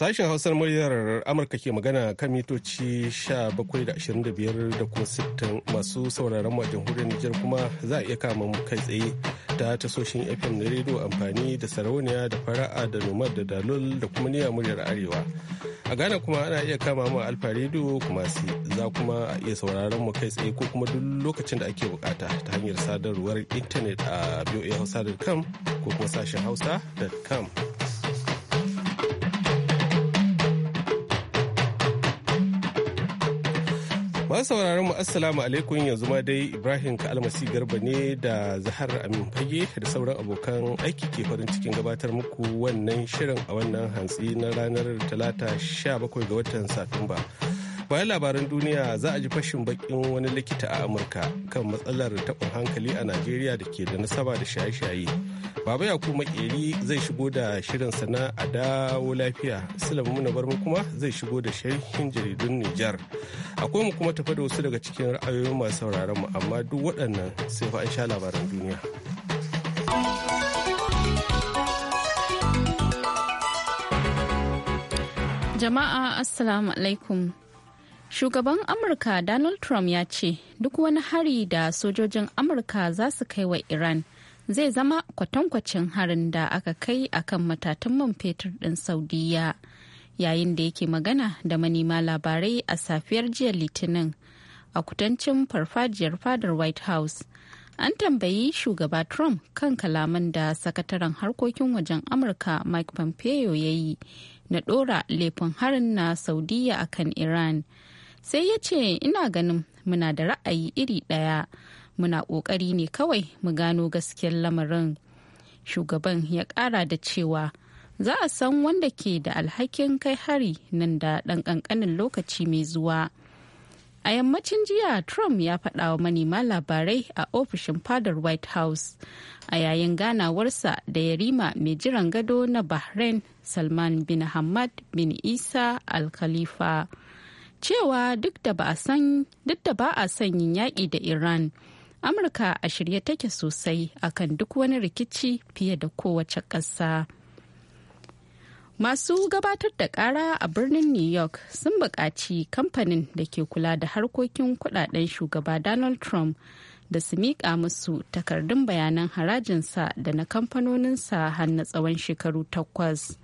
Sashen Hausar muryar Amurka ke magana kan mitoci 17.25 da kuma 60 masu sauraron mu a jamhuriyar Nijar kuma za a iya kama mu kai tsaye ta tasoshin FM na rediyo amfani da sarauniya da fara'a da nomad da dalol da kuma niya muryar Arewa. A Ghana kuma ana iya kama mu Alfa rediyo kuma si za kuma a iya sauraron mu kai tsaye ko kuma duk lokacin da ake bukata ta hanyar sadarwar intanet a voahausa.com ko kuma sashen hausa.com. Masu sauraron mu assalamu alaikum yanzu ma dai Ibrahim ka Kalmasi Garba ne da Zahar Amin Fage da sauran abokan aiki ke farin cikin gabatar muku wannan shirin a wannan hantsi na ranar Talata 17 ga watan Satumba. bayan labaran duniya za a ji fashin bakin wani likita a amurka kan matsalar taɓin hankali a najeriya da ke da nasaba da shaye-shaye baba ya makeri zai shigo da shirin sana a dawo lafiya silamu muna barmu kuma zai shigo da sharhin jaridun nijar akwai mu kuma tafa da wasu daga cikin ra'ayoyin masu sauraron mu amma duk waɗannan sai fa an sha labaran duniya jama'a assalamu alaikum Shugaban Amurka Donald Trump ya ce duk wani hari da sojojin Amurka za su kai wa Iran zai zama kwatankwacin harin da aka kai akan matatan man fetur ɗin Saudiya. Yayin da yake magana da manema labarai a safiyar jiya Litinin a kudancin farfajiyar fadar White House. An tambayi shugaba Trump kan kalaman da sakataren harkokin wajen Amurka Mike Pompeo ya yi na ɗora laifin harin na Saudiya akan Iran. sai ya ce ina ganin muna da ra'ayi iri ɗaya muna ƙoƙari ne kawai mu gano gaskiyar lamarin shugaban ya ƙara da cewa za a san wanda ke da alhakin kai hari nan da ɗan ƙanƙanin lokaci mai zuwa a yammacin jiya trump ya faɗa wa manema labarai a ofishin fadar white house a yayin ganawarsa da yarima mai jiran gado na bahrain salman bin hamad bin isa al-khalifa cewa duk da ba a son yin yaƙi da Iran, Amurka a shirye take sosai akan duk wani rikici fiye da kowace ƙasa. Masu gabatar da ƙara a birnin New York sun buƙaci kamfanin da ke kula da harkokin kudaden shugaba Donald Trump da su miƙa musu takardun bayanan harajinsa da na kamfanoninsa har na tsawon shekaru takwas.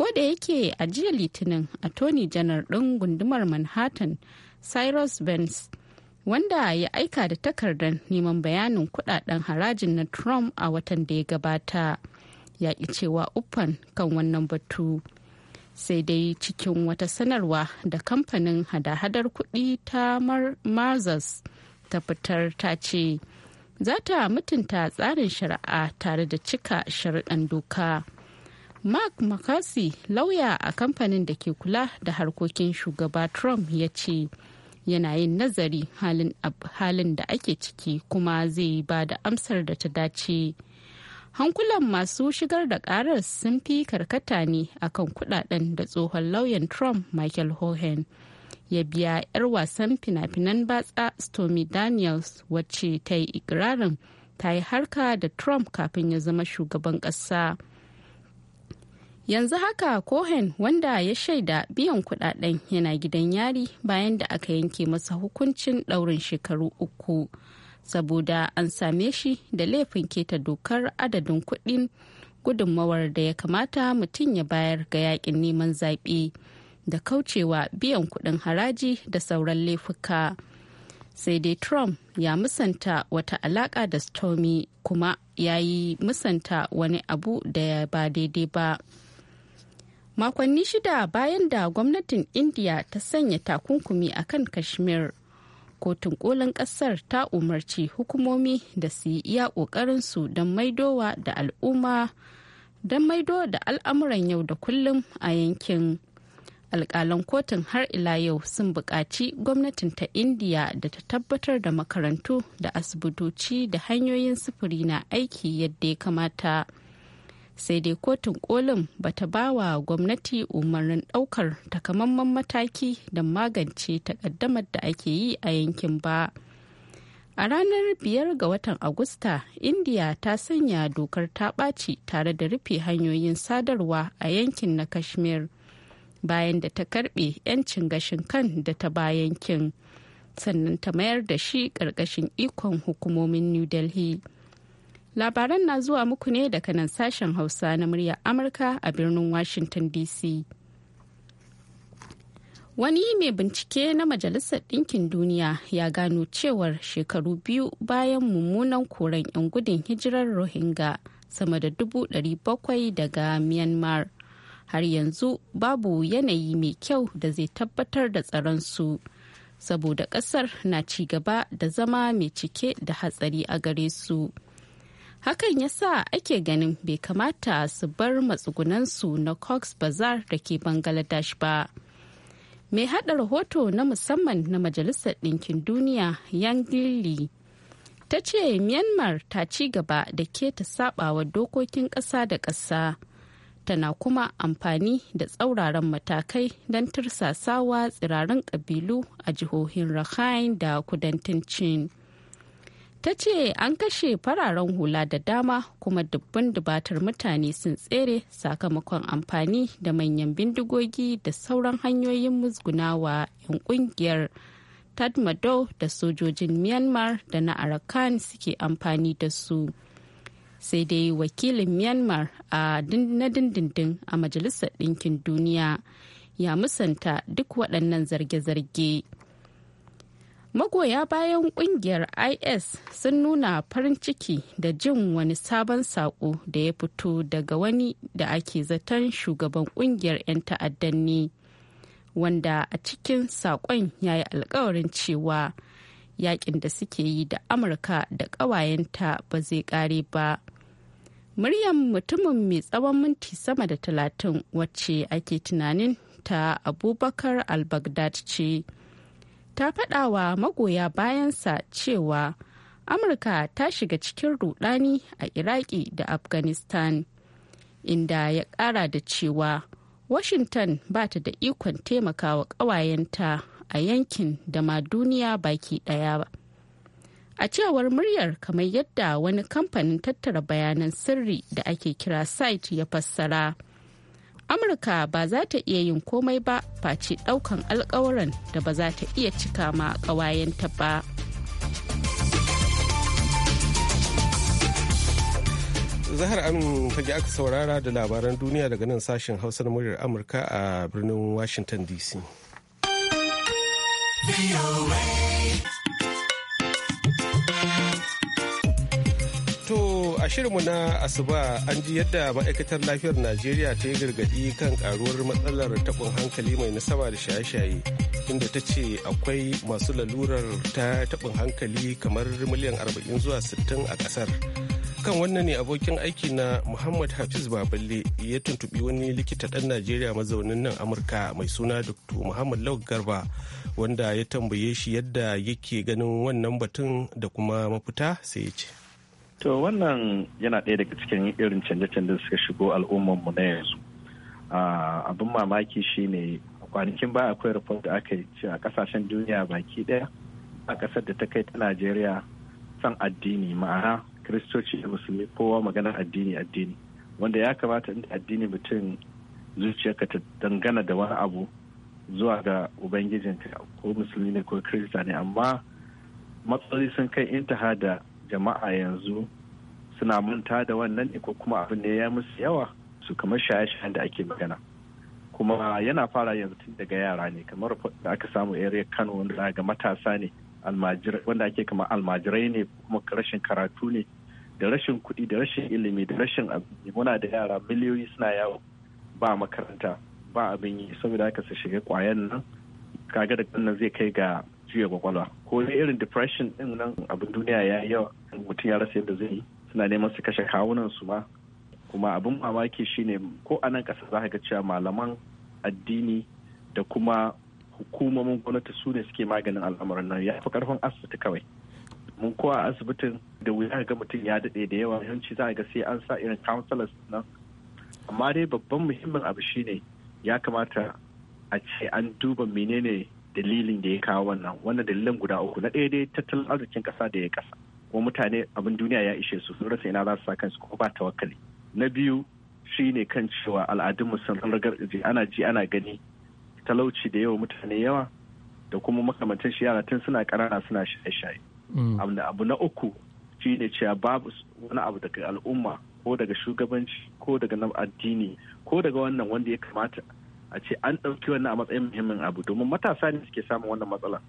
ko da yake a jiya litinin a attorney janar ɗin gundumar manhattan cyrus benz wanda ya aika da takardar neman bayanin kudaden harajin na trump a watan da ya gabata ya ki cewa uffan kan wannan batu sai dai cikin wata sanarwa da kamfanin hada-hadar kuɗi ta marzas ta fitar ta ce za ta mutunta tsarin shari'a tare da cika shari'an doka. mark mccarthy lauya a kamfanin da ke kula da harkokin shugaba trump ya ce yana yin nazari halin da ake ciki kuma zai ba da amsar da ta dace hankulan masu shigar da karar sun fi karkata ne akan kudaden da tsohon lauyan trump michael hohen ya biya 'yar wasan fina-finan batsa stormy daniels wacce ta yi ikirarin ta yi harka da trump kafin ya zama shugaban ƙasa. yanzu haka kohen wanda ya shaida biyan kudaden yana gidan yari bayan da aka yanke masa hukuncin daurin shekaru uku saboda an same shi da laifin keta dokar adadin kudin gudunmawar da ya kamata mutum ya bayar ga yakin neman zaɓe da kaucewa biyan kudin haraji da sauran laifuka sai dai trump ya musanta wata alaka da stormy kuma ya yi musanta wani abu da ba daidai ba. makonni shida bayan da gwamnatin india ta sanya takunkumi a kan kashmir kotun kolin kasar ta umarci hukumomi da su yi iya su don maidowa da al'umma don maido da al'amuran yau da kullum a yankin alkalan kotun har ila yau sun buƙaci gwamnatin ta indiya da ta tabbatar da makarantu da asibitoci da hanyoyin sufuri na aiki yadda ya kamata sai dai kotun kolin bata ba wa gwamnati umarnin daukar takamaiman mataki da magance takaddamar da ake yi a yankin ba a ranar biyar ga watan agusta india ta sanya dokar ta ɓaci tare da rufe hanyoyin sadarwa a yankin na kashmir bayan da ta karbe 'yancin gashin kan da ta ba yankin sannan ta mayar da shi ƙarƙashin ikon hukumomin new delhi Labaran na zuwa muku ne daga nan sashen Hausa na murya Amurka a birnin Washington DC. Wani mai bincike na Majalisar Ɗinkin Duniya ya gano cewar shekaru biyu bayan mummunan koren 'yan gudun hijirar Rohingya sama da dubu bakwai daga Myanmar. Har yanzu babu yanayi mai kyau da zai tabbatar da tsaron su. saboda ƙasar na ci gaba da zama mai cike da hatsari a gare su. hakan ya sa ake ganin bai kamata su bar matsugunansu na cox bazar da ke bangladesh ba mai hada rahoto na musamman na majalisar ɗinkin duniya yang lili ta ce myanmar ta ci gaba da ke ta sabawa dokokin ƙasa da ƙasa tana kuma amfani da tsauraran matakai don tursasawa tsirarin ƙabilu a jihohin rakhine da kudancin chin. ta ce an kashe fararen hula da dama kuma dubban dubatar mutane sun tsere sakamakon amfani da manyan bindigogi da sauran hanyoyin musgunawa 'yan kungiyar tadmado da sojojin myanmar da na arakan suke amfani da su sai dai wakilin myanmar a na dindindin a majalisar ɗinkin duniya ya musanta duk waɗannan zarge-zarge. magoya bayan kungiyar is sun nuna farin ciki da jin wani sabon saƙo da ya fito daga wani da ake zaton shugaban kungiyar 'yan ta'addan ne wanda a cikin saƙon ya yi alkawarin cewa yakin da suke yi da amurka da ƙawayenta ba zai kare ba muryan mutumin mai tsawon minti sama da talatin wacce ake tunanin ta abubakar al-baghdad ce ta faɗa wa magoya bayansa cewa amurka ta shiga cikin rudani a iraki da afghanistan inda ya ƙara da cewa washington ba ta da ikon taimakawa ƙawayenta a yankin da ma duniya baki ɗaya ba a cewar muryar kamar yadda wani kamfanin tattara bayanan sirri da ake kira site ya fassara. amurka ba za ta iya yin komai ba face daukan alkawaran da ba za ta iya cika ma kawayenta ba zahar amin fage aka saurara da labaran duniya daga nan sashen hausa na muryar amurka a birnin washington dc shirinmu na asuba an ji yadda ma'aikatar lafiyar najeriya ta yi gargaɗi kan karuwar matsalar taɓin hankali mai nasaba da shaye-shaye inda ta ce akwai masu lalurar ta taɓin hankali kamar miliyan arba'in zuwa sittin a ƙasar kan wannan ne abokin aiki na muhammad hafiz baballe ya tuntubi wani likita ɗan najeriya mazaunin nan amurka mai suna dr muhammad lau garba wanda ya tambaye shi yadda yake ganin wannan batun da kuma mafita sai ya ce To wannan yana ɗaya daga cikin irin canje-canjen suka shigo al'ummarmu na yanzu. Abin mamaki shi shine kwanakin ba akwai report da aka yi ce a kasashen duniya baki ɗaya a ƙasar da ta kai ta Najeriya san addini ma'ana kiristoci da musulmi kowa maganar addini addini wanda ya kamata inda addini mutum zuciyarka ta dangana da wani abu zuwa ga ubangijinka ko musulmi ne ko kirista ne amma matsaloli sun kai intaha da jama'a yanzu suna manta da wannan iko kuma abin ne ya musu yawa su kamar shaye-shayen da ake magana kuma yana fara yanzu tun daga yara ne kamar da aka samu area kano wanda ga matasa ne wanda ake kamar almajirai ne kuma rashin karatu ne da rashin kuɗi da rashin ilimi da rashin abin muna da yara miliyoyi suna yawo ba makaranta ba abin yi saboda haka su shiga kwayan nan kaga da nan zai kai ga juya kwakwalwa ko ne irin depression din nan abin duniya ya yi yawa mutum ya rasa yadda zai yi suna neman su kashe kawunan su ma kuma abin mamaki shine ko a nan kasa za ka ga cewa malaman addini da kuma hukumomin gwamnati su ne suke maganin al'amuran nan ya fi karfin asibiti kawai mun kowa a asibitin da wuya ga mutum ya daɗe da yawa yawanci za a ga sai an sa irin counselors nan amma dai babban muhimmin abu shine ya kamata a ce an duba menene dalilin da ya kawo wannan wannan dalilin guda uku na ɗaya dai tattalin arzikin ƙasa da ya ƙasa ko mutane abin duniya ya ishe su sun rasa ina za su sa kansu ko ba tawakkali na biyu shine kan cewa al'adun musamman gargaji ana ji ana gani talauci da yawa mutane yawa da kuma makamantan shi yara tun suna ƙanana suna shaye-shaye mm. abu na uku shine cewa babu wani abu daga al'umma ko daga shugabanci ko daga addini ko daga wannan wanda ya kamata a ce an ɗauki wannan a matsayin muhimmin abu domin matasa ne suke samun wannan matsala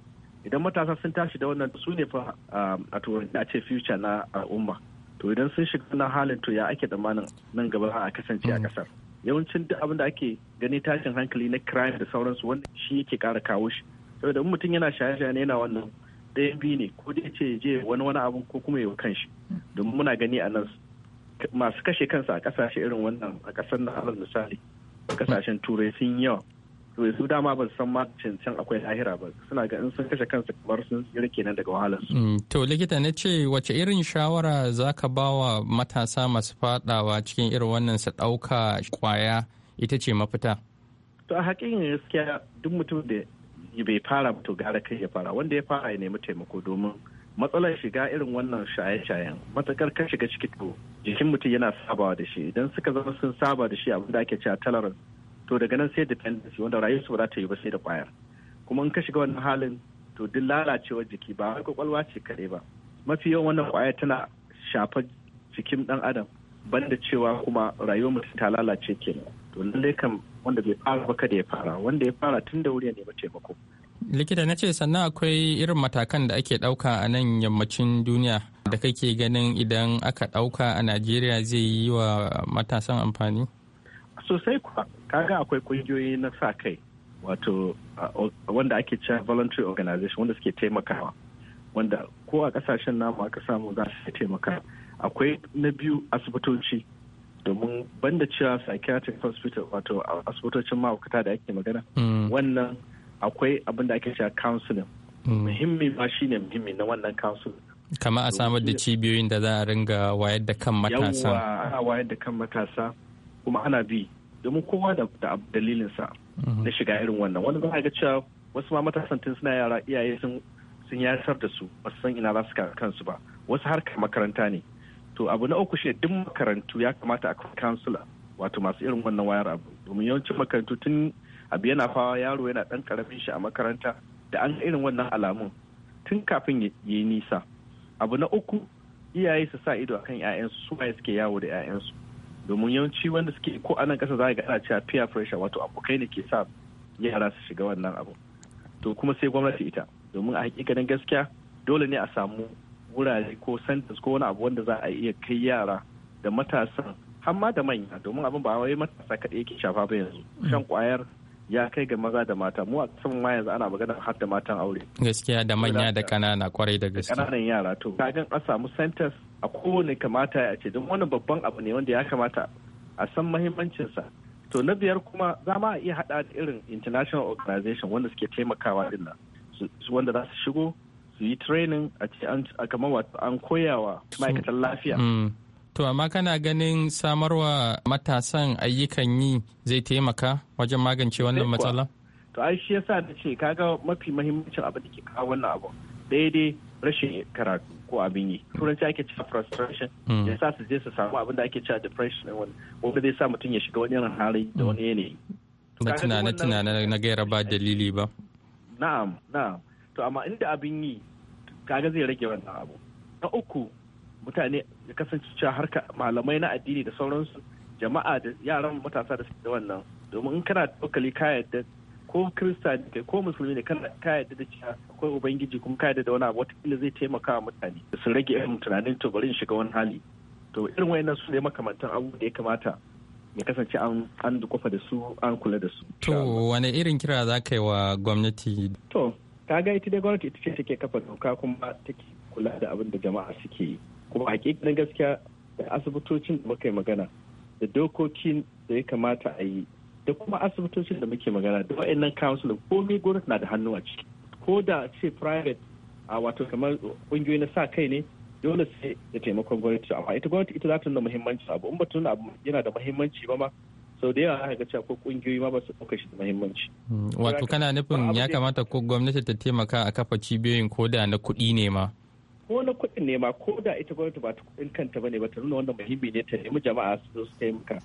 idan matasa sun tashi da wannan su ne fa um, a turanci a ce future na al'umma to idan sun shiga na halin to ya ake tsammanin nan gaba a kasance a kasar mm. yawancin duk abin da ake gani tashin hankali na crime da sauransu wanda shi yake kara kawo shi saboda mutum yana shaye-shaye yana wannan ɗayan biyu ne ko dai ce je wani wani abu ko kuma yau kanshi domin muna gani a nan masu kashe kansa a kasashe irin wannan a kasar na misali kasashen turai sun yawa to su dama ba su san ma can akwai lahira ba suna ga in sun kashe kansu kamar sun tsira kenan daga wahalar su. Mm, to likita na ce wace irin shawara za ka ba wa matasa masu fadawa cikin irin wannan su ɗauka kwaya ita ce mafita. to a ya gaskiya duk mutum da bai fara to gara kai ya fara wanda ya fara ya nemi taimako domin matsalar shiga irin wannan shaye-shayen matakar ka shiga ciki to jikin mutum yana sabawa da shi idan suka zama sun saba da shi abinda ake cewa tolerance to daga nan sai dependency wanda rayuwar su ba za ta yi ba sai da kwayar kuma in ka shiga wannan halin to duk lalacewar jiki ba wai kwakwalwa ce kaɗai ba mafi yawan wannan kwayar tana shafa jikin ɗan adam banda cewa kuma rayuwar mutum ta lalace kenan to lallai kam wanda bai fara ba kada ya fara wanda ya fara tun da wuri ya nemi taimako likita na ce sannan akwai irin matakan da ake ɗauka a nan yammacin duniya da kake ganin idan aka ɗauka a najeriya zai yi wa matasan amfani sosai kaga akwai ƙungiyoyi na sa kai wato uh, wanda ake cewa voluntary organization wanda suke taimakawa wanda ko a kasashen namu aka samu za su taimaka akwai na biyu asibitoci domin banda cewa psychiatric hospital wato asibitocin ma'aikata da ake magana mm. wannan akwai abin da ake cewa counseling mm. muhimmi ma shine muhimmi na wannan counseling kama a samar da cibiyoyin da za a ringa wayar da kan matasa ana wayar da kan matasa kuma ana bi domin kowa da dalilinsa mm-hmm. na shiga irin wannan wani za a ga cewa wasu ma matasan tun suna yara iyaye sun sun yasar da su ba san ina za su kansu ba wasu har makaranta ne to abu na uku shine duk makarantu ya kamata a kansula wato masu irin wannan wayar abu domin yawancin makarantu tun abu yana fawa yaro yana dan karamin shi a makaranta da an irin wannan alamun tun kafin ya yi nisa abu na uku iyaye su sa ido akan 'ya'yansu su waye suke yawo da 'ya'yansu domin yawanci wanda suke ko a nan kasa za ga ana cewa peer pressure wato abokai ne ke sa yara su shiga wannan abu to kuma sai gwamnati ita domin a hakikanin gaskiya dole ne a samu wurare ko centers ko wani abu wanda za a iya kai yara da matasan har ma da manya domin abin ba wai matasa kaɗai yake shafa ba yanzu shan kwayar mm. ya kai ga maza da mata mu a kasan ma yanzu ana magana har da matan aure gaskiya da manya da kanana kwarai da gaskiya kananan yara to kagan ƙasa samu centers a kowane kamata ya ce don wani babban abu ne wanda ya kamata a san mahimmancinsa to na biyar kuma za ma iya haɗa da irin international organization wanda suke taimakawa din nan wanda za su shigo su yi training a ce kamar wato an koyawa ma'aikatan lafiya mm. To amma kana ganin samarwa matasan ayyukan yi zai taimaka wajen magance wannan eh, matsala? To ai shi yasa da ce kaga mafi mahimmancin abin da ke kawo wannan abu daidai rashin karatu ko abin yi. Mm. Turanci ake cewa frustration mm. ya sa su je su samu abin da ake cewa depression ne wani wanda zai sa mutum ya shiga wani irin hali da mm. wani yanayi. Na tunane tunane na gaira ba dalili ba. Na'am na'am to amma inda abin yi kaga zai rage wannan abu. Na uku mutane ya kasance cewa harka malamai na addini da sauransu jama'a da yaran matasa da suke wannan domin in kana dokali ka yadda ko kirista ne ko musulmi ne kana ka yadda da cewa akwai ubangiji kuma ka yadda da wani abu wataƙila zai taimaka wa mutane su rage irin tunanin to bari in shiga wani hali to irin wayannan su ne makamantan abu da ya kamata ya kasance an dukufa da su an kula da su. To wane irin kira za ka yi wa gwamnati? To, ka ga ita dai gwamnati ita ce take kafa doka kuma take kula da abin da jama'a suke yi. kuma hakikanin gaskiya da asibitocin da muka yi magana da dokokin da ya kamata a yi da kuma asibitocin da muke magana da wa'annan council komai gwamnati na da hannu a ciki ko da ce private a wato kamar kungiyoyi na sa kai ne dole sai da taimakon gwamnati amma ita gwamnati ita za ta nuna muhimmanci abu in ba ta abu yana da muhimmanci ba ma sau da yawa aka ga cewa ko kungiyoyi ma ba su ɗauka shi da muhimmanci. Hmm, wato kana nufin ya kamata ko gwamnati ta taimaka a kafa cibiyoyin ko da na kuɗi ne ma. ko na kuɗin nema ko da ita gwamnati ba ta kuɗin kanta ba ne ba ta nuna wannan muhimmi ne ta nemi jama'a su su taimaka.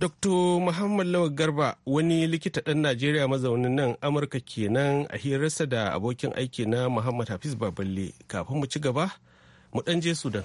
Dr. Muhammad Lawal Garba wani likita ɗan Najeriya mazaunin nan Amurka kenan a hirarsa da abokin aiki na Muhammad Hafiz Baballe kafin mu ci gaba mu ɗan je Sudan.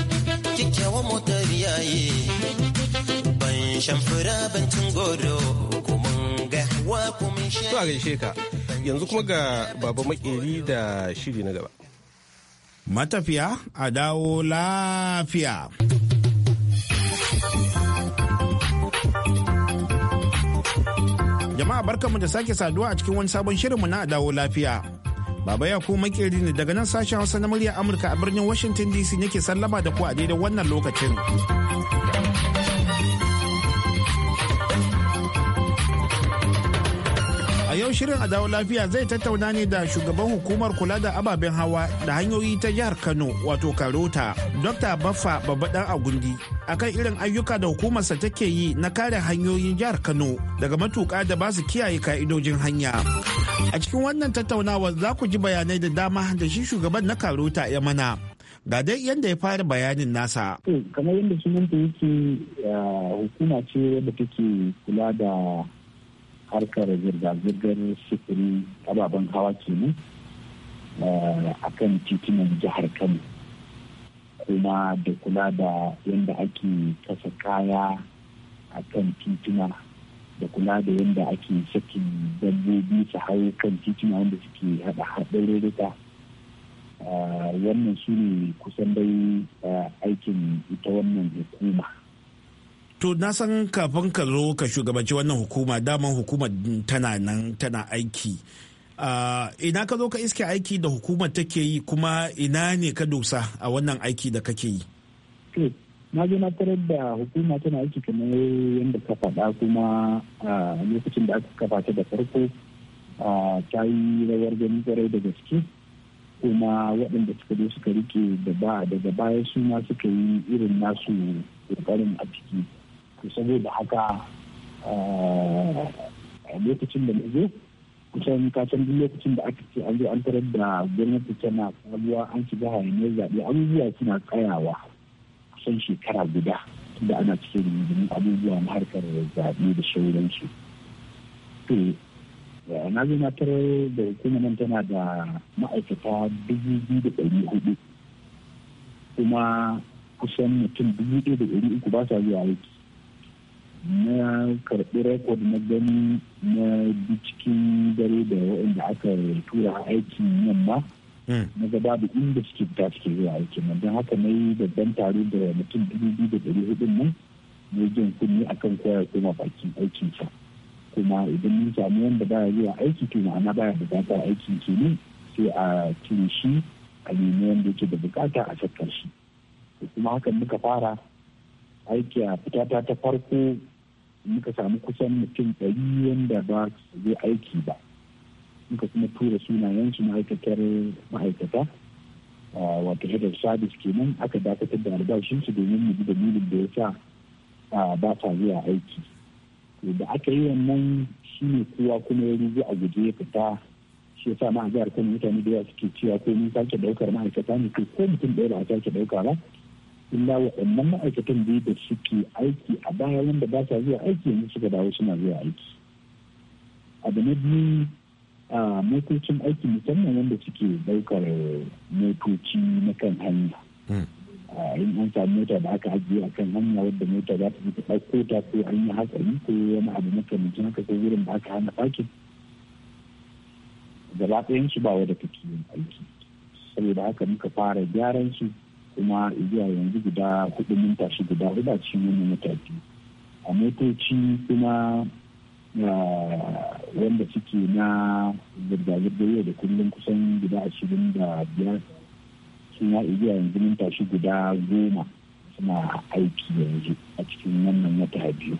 motar yayi ban shan fura ban goro ga to yanzu kuma ga baba makeri da shiri na gaba matafiya a dawo lafiya jama'a barkanmu da sake saduwa a cikin wani sabon shirinmu na dawo lafiya Baba ya ko makeri ne daga nan sashen Hausa na murya Amurka a birnin Washington DC nake sallama da ku a daidai wannan lokacin. yau shirin a dawo lafiya zai tattauna ne da shugaban hukumar kula da ababen hawa da hanyoyi ta jihar Kano wato Karota, Dr. Baffa Babbaɗan Agundi, akan irin ayyuka da hukumarsa take yi na kare hanyoyin jihar Kano daga matuka da ba su kiyaye ka'idojin hanya. A cikin wannan tattaunawa za ku ji bayanai da dama da shi shugaban na Karota ya mana. ga dai yadda ya fara bayanin nasa. kamar yadda sunanta yake eh, hukuma ce wadda take kula da harkar zirga-zirgar sufuri ababen hawa kenan eh, a kan titunan jihar kano kuma da kula da yadda ake kasa kaya a kan tituna da kula da yadda ake sakin dabbobi su hau kan tituna wanda suke haɗa haɗarurruka eh, wannan su ne kusan dai eh, aikin ita wannan hukuma to na san kafin ka zo ka shugabanci wannan hukuma daman hukuma tana nan tana aiki ina ka zo ka iske aiki da hukuma take yi kuma ina ne ka dosa a wannan aiki da kake yi na je na tarar da hukuma tana aiki kamar yadda ka faɗa kuma a lokacin da aka kafa ta da farko ta yi rawar gani kwarai da gaske kuma waɗanda suka zo suka rike da ba daga baya su ma suka yi irin nasu ƙoƙarin a ciki to saboda haka eh, lokacin da zo kusan kacan duk lokacin da aka ce an zo an tarar da gwamnati tana sabuwa an shiga hayaniyar zaɓe abubuwa suna tsayawa kusan shekara guda da ana cikin rundunar abubuwa na harkar zaɓe da sauransu to eh, na zo na tarar da hukumar nan tana da ma'aikata dubu biyu da ɗari hudu kuma kusan mutum dubu ɗaya da ɗari uku ba sa zuwa aiki na karɓi rekod na gani na cikin dare da waɗanda aka tura aikin yamma hmm. na ga babu inda suke fita suke zuwa aikin nan don haka na yi babban taro da mutum dubu biyu da ɗari hudun nan na jin kunni akan koyar koma bakin aikin sa kuma idan mun samu wanda baya zuwa aiki to ma'ana baya da aiki ke ne sai a cire shi a nemi wanda yake da bukata a sakar shi kuma hakan muka fara aiki a fitata ta farko muka samu kusan mutum ɗari wanda ba su zai aiki ba muka kuma tura sunayensu ma'aikatar ma'aikata wato Hidar Sabis kenan aka dakatar da albashinsu domin mu da dalilin da ya sa ba sa zuwa aiki da aka yi wannan shi ne kowa kuma ya rubu a guje ya fita shi ya sa ma kan mutane da yawa suke cewa ko mun sake ɗaukar ma'aikata ne ko mutum ɗaya ba a sake ɗauka ba illa waɗannan ma'aikatan biyu da suke aiki a baya wanda ba sa zuwa aiki yanzu suka dawo suna zuwa aiki abu na biyu a motocin aiki musamman wanda suke daukar motoci na kan hanya hmm. in an samu mota da aka ajiye a kan hanya wadda mota za ta ta ɗauko ta ko an yi hatsari ko wani abu makamancin haka ko wurin da aka hana fakin gaba ɗayan su ba wadda take yin aiki saboda haka muka fara gyaran su kuma zuwa yanzu guda kuɗi mun tashi guda guda a wani a motoci kuma ah, wanda suke na zirga-zirga yau da kullum kusan guda ashirin da biyar sun ya yanzu mun tashi guda goma suna aiki yanzu a cikin wannan wata biyu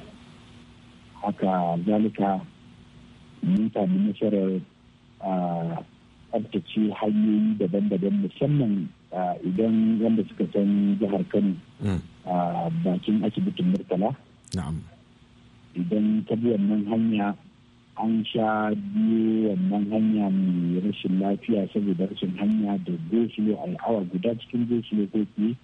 haka zalika mun sami nasarar ah, tsabtace hanyoyi daban-daban musamman idan wanda suka san jihar kano hmm. a bakin asibitin murtala idan ta bi wannan hanya an sha biyu wannan hanya mai rashin lafiya saboda rashin hanya da gosulo a al'awa guda cikin gosulo ko fiye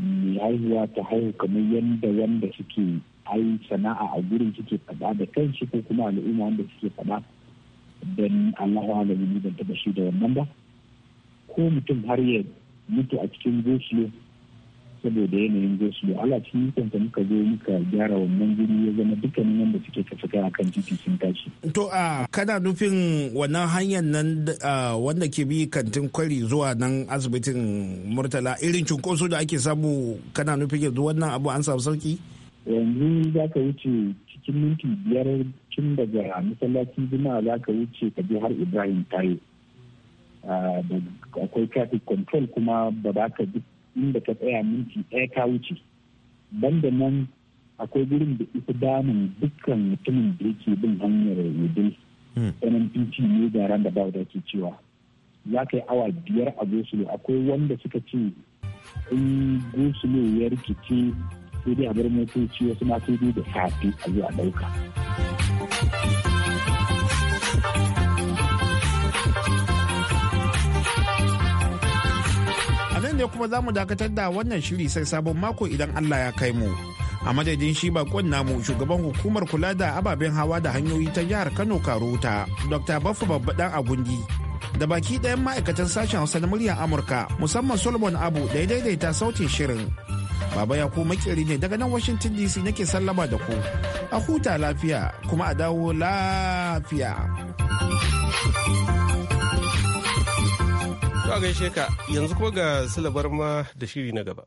mai haihuwa ta haihu kamar yadda wanda suke ai sana'a a gurin suke faɗa da kanshi ko kuma al'umma wanda suke faɗa don allahu alamu ban taɓa shi da wannan ba ko mutum har ya mutu a cikin goslo saboda yanayin goslo ala cikin mutanta muka zo muka gyara wannan guri ya zama dukkanin wanda suke tafiya akan titi sun tashi. to a kana nufin wannan hanyar nan wanda ke bi kantin kwari zuwa nan asibitin murtala irin cunkoso da ake samu kana nufin yanzu wannan abu an samu sauki. yanzu za ka wuce cikin minti biyar tun daga masallacin juma'a za ka wuce ka je har ibrahim tayo Ah, akwai traffic control kuma ba za ka duk inda ka tsaya minti ɗaya ka wuce banda nan akwai gurin da isa damun dukkan mutumin da yake bin hanyar yudin hmm. nnpt ne ga ran da bawa da ke cewa za ka yi awa biyar a gosulo akwai wanda suka ce in gosulo ya rikice sai dai a bar motoci wasu ma sai dai da safe a zuwa ɗauka. ne kuma za mu dakatar da wannan shiri sai sabon mako idan Allah ya kai mu. A madadin shi bakon namu shugaban hukumar kula da ababen hawa da hanyoyi ta jihar Kano Karuta, Dr. Baffa Babbaɗan Agundi. Da baki ɗayan ma'aikatan sashen Hausa na muryar Amurka musamman Solomon Abu da ya daidaita sautin shirin. Baba ya ku makeri ne daga nan Washington DC nake sallama da ku. A huta lafiya kuma a dawo lafiya. To gaishe ka yanzu kuma ga silabar ma da shiri na gaba.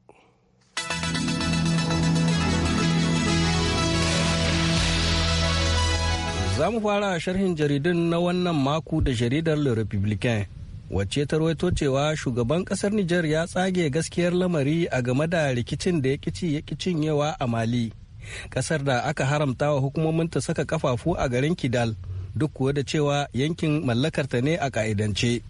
Za mu fara sharhin jaridun na wannan mako da jaridar Le Republicain. wacce ta rawaito cewa shugaban kasar Nijar ya tsage gaskiyar lamari a game da rikicin da ya kici ya cinyewa a Mali. Kasar da aka haramta wa hukumomin ta saka kafafu a garin Kidal duk kuwa da cewa yankin mallakarta ne a ka'idance.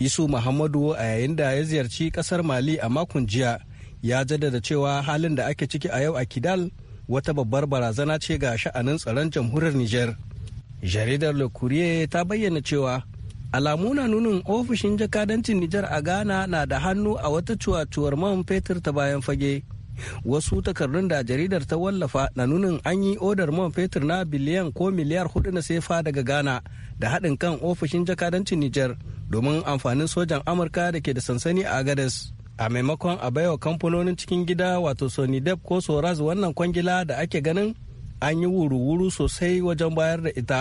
isu muhammadu a yayin da ya ziyarci kasar mali a makon jiya ya jaddada cewa halin da ake ciki a yau a kidal wata babbar barazana ce ga sha'anin tsaron jamhuriyar niger jaridar le courrier ta bayyana cewa alamu na nunin ofishin jakadancin niger a ghana na da hannu a wata cuwa cuwar man fetur ta bayan fage wasu takardun da jaridar ta wallafa na nunin an yi odar man fetur na biliyan ko miliyar hudu na sefa daga ghana da haɗin kan ofishin jakadancin niger domin amfanin sojan amurka da ke da sansani a gadas a maimakon a baiwa kamfanonin cikin gida wato sonidep ko soras wannan kwangila da ake ganin an yi wuru-wuru sosai wajen bayar da ita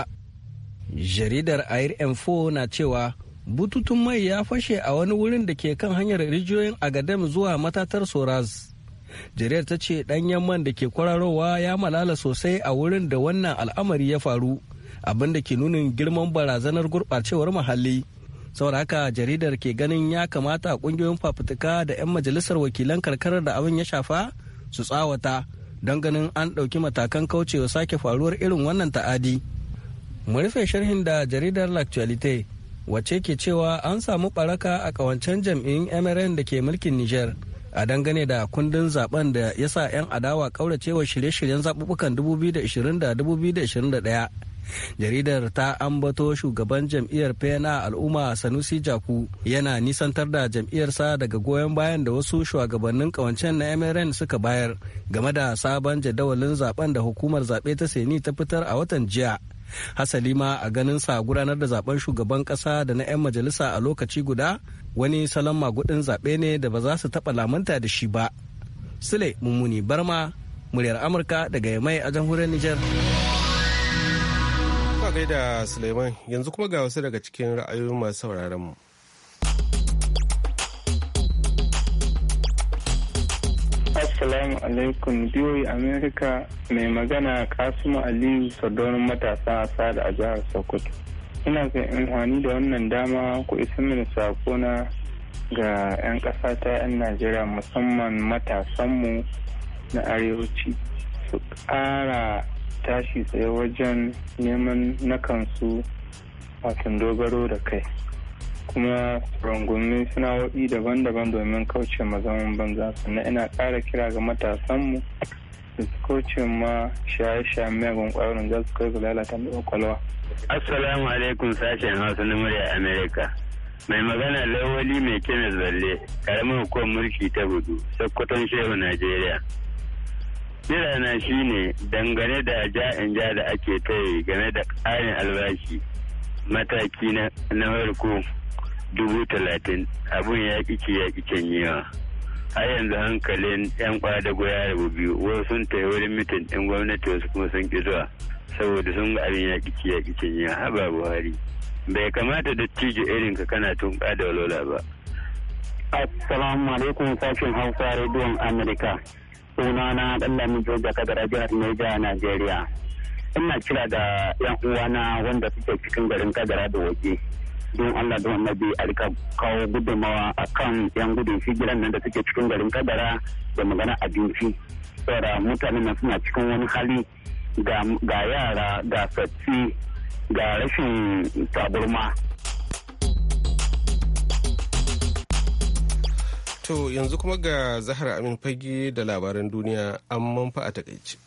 jaridar air info na cewa bututun mai ya fashe a wani wurin da ke kan hanyar rijiyoyin agadem zuwa matatar soras jaridar ta ce ɗanyen man da ke kwararowa ya malala sosai a wurin da wannan al'amari ya faru abin da ke nunin girman barazanar gurɓacewar muhalli saboda haka jaridar ke ganin ya kamata ƙungiyoyin fafutuka da 'yan majalisar wakilan karkarar da abin ya shafa su tsawata don ganin an ɗauki matakan kaucewa sake faruwar irin wannan ta'adi mu rufe sharhin da jaridar l'actualite wacce ke cewa an samu ɓaraka a ƙawancen jam'in mrn da ke mulkin niger a dangane da kundin zaben da ya sa 'yan adawa kauracewa shirye-shiryen zaɓuɓɓukan 2020 da 2021 jaridar ta ambato shugaban jam'iyyar pna al'umma sanusi jaku yana nisantar da jam'iyyarsa daga goyon bayan da wasu shugabannin kawancen na mrn suka bayar game da sabon jadawalin zaben da hukumar zaɓe ta seni ta fitar a watan jiya hasali ma a ganin sa gudanar da zaben shugaban ƙasa da na 'yan majalisa a lokaci guda wani salon magudin zaɓe ne da ba za su taɓa lamunta da shi ba. Sule Mummuni Barma, muryar Amurka daga Yamai a jamhuriyar Nijar. Ba da Suleiman yanzu kuma ga wasu daga cikin ra'ayoyin masu sauraron mu. Assalamu alaikum biyoyi Amerika mai magana Kasimu Aliyu Sardonin matasa a sada a jihar Sokoto. ina son amfani da wannan dama ku isa mini sakona ga 'yan ƙasa ta 'yan najeriya musamman matasanmu na arewaci su ƙara tashi tsaye wajen neman na kansu watan dogaro da kai kuma suna waɗi daban-daban domin kauce mazaman banza sannan ina ƙara kira ga matasanmu su kauce ma shaye-shayen a ƙwayoyin za su kai su lalata mai kwakwalwa. Assalamu alaikum sashen Hausa na a Amerika. Mai magana lawali mai kene balle, karamin hukumar mulki ta hudu, sakkwaton Shehu Najeriya. na shi ne dangane da ja'in ja da ake kai game da ƙarin albashi mataki na farko dubu talatin abun ya ƙi ya ƙi canyewa. a yanzu hankalin yan da goya da biyu wasu sun tafi wurin mitin ɗin gwamnati wasu kuma sun ƙi zuwa saboda sun ga abin ya ƙici ya ƙici ya haba buhari bai kamata da dattijo irin ka kana tun da walola ba. Assalamu alaikum sashen Hausa rediyon Amurka. Suna na ɗalla mijo da kadara jihar Neja, nigeria Ina kira da 'yan uwana wanda suke cikin garin kadara da waje. don Allah wannan annabi a rika kawo gudunmawa a kan yan gudun hijiran nan da suke cikin garin kadara da magana abinci saboda mutanen nan suna cikin wani hali ga yara ga sassi ga rashin taburma To yanzu kuma ga zahara Amin Fage da labaran duniya an manfa a takaice.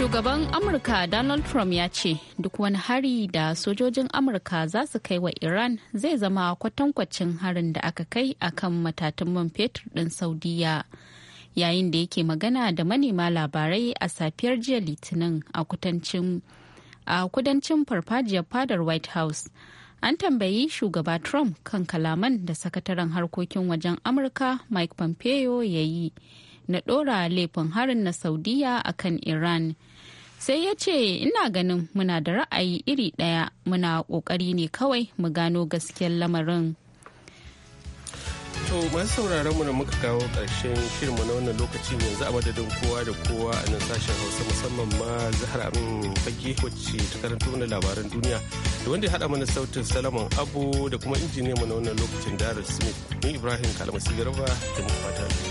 Shugaban Amurka Donald Trump ya ce duk wani hari da sojojin Amurka za su kai wa Iran zai zama kwatankwacin harin da aka kai a kan matatun man fetur ɗin Saudiya. Yayin da yake magana da manema labarai a safiyar jiya Litinin a kudancin farfajiyar fadar White House. An tambayi shugaba Trump kan kalaman da sakataren harkokin wajen Amurka Mike Pompeo ya yi. na ɗora laifin harin na saudiya a kan iran sai ya ce ina ganin muna da ra'ayi iri ɗaya muna ƙoƙari ne kawai mu gano gaskiyar lamarin to masu sauraron mu da muka kawo ƙarshen shirinmu na wannan lokaci yanzu a madadin kowa da kowa a nan sashen hausa musamman ma zahar amin fage wacce ta karanto mana labaran duniya da wanda ya haɗa mana sautin salaman abu da kuma injiniya mu na wannan lokacin darus smith ni ibrahim kalmasi garba da mu fata